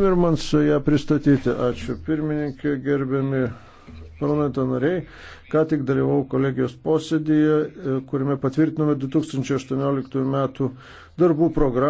Timirmans ją pristatyti. Ačiū pirmininkė, gerbiami parlamento nariai. Ką tik dalyvau kolegijos posėdėje, e, kuriame patvirtinome 2018 m. darbų programą.